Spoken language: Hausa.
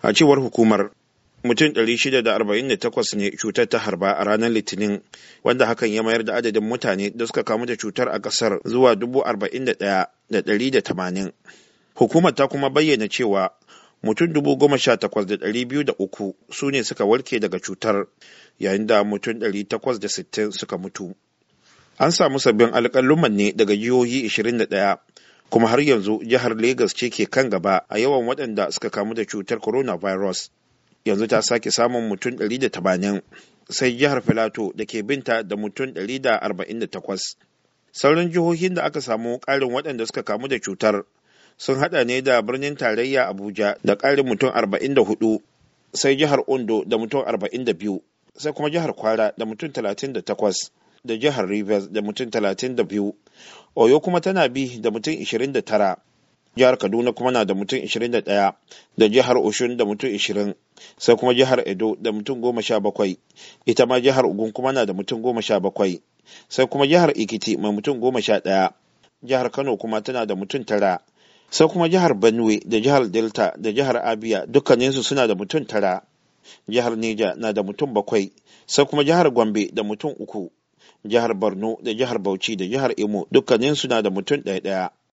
a cewar hukumar mutum 648 ne cutar ta harba a ranar litinin wanda hakan ya mayar da adadin mutane da suka kamu da cutar a ƙasar zuwa 41,180 hukumar ta kuma bayyana cewa mutum 18,203 su ne suka warke daga cutar yayin da mutum 860 suka mutu an samu sabbin alƙalluman ne daga jihohi 21 kuma har yanzu jihar Legas ce ke kan gaba a yawan waɗanda suka kamu da cutar coronavirus. Yanzu ta sake samun mutum 180 sai jihar Filato da ke binta da mutum 148. Sauran jihohin da aka samu ƙarin waɗanda suka kamu da cutar sun haɗa ne da birnin tarayya Abuja da ƙarin mutum 44 sai jihar Ondo da mutum 42 sai kuma jihar Kwara da mutum 38 da jihar Rivers da mutum 32 oyo kuma tana bi da mutum 29 jihar kaduna kuma na da mutum 21 da jihar oshun da mutum 20 sai kuma jihar edo da mutum goma sha bakwai, ita ma jihar Ugun kuma na da mutum goma sha bakwai, sai kuma jihar ikiti mai mutum sha 11 jihar kano kuma tana da mutum tara, sai kuma jihar benue da jihar delta da jihar abia dukkaninsu suna da mutum tara, jihar neja na da mutum bakwai, sai kuma jihar gombe da mutum uku jihar borno da jihar bauchi da jihar imo dukkaninsu na da mutum ɗaya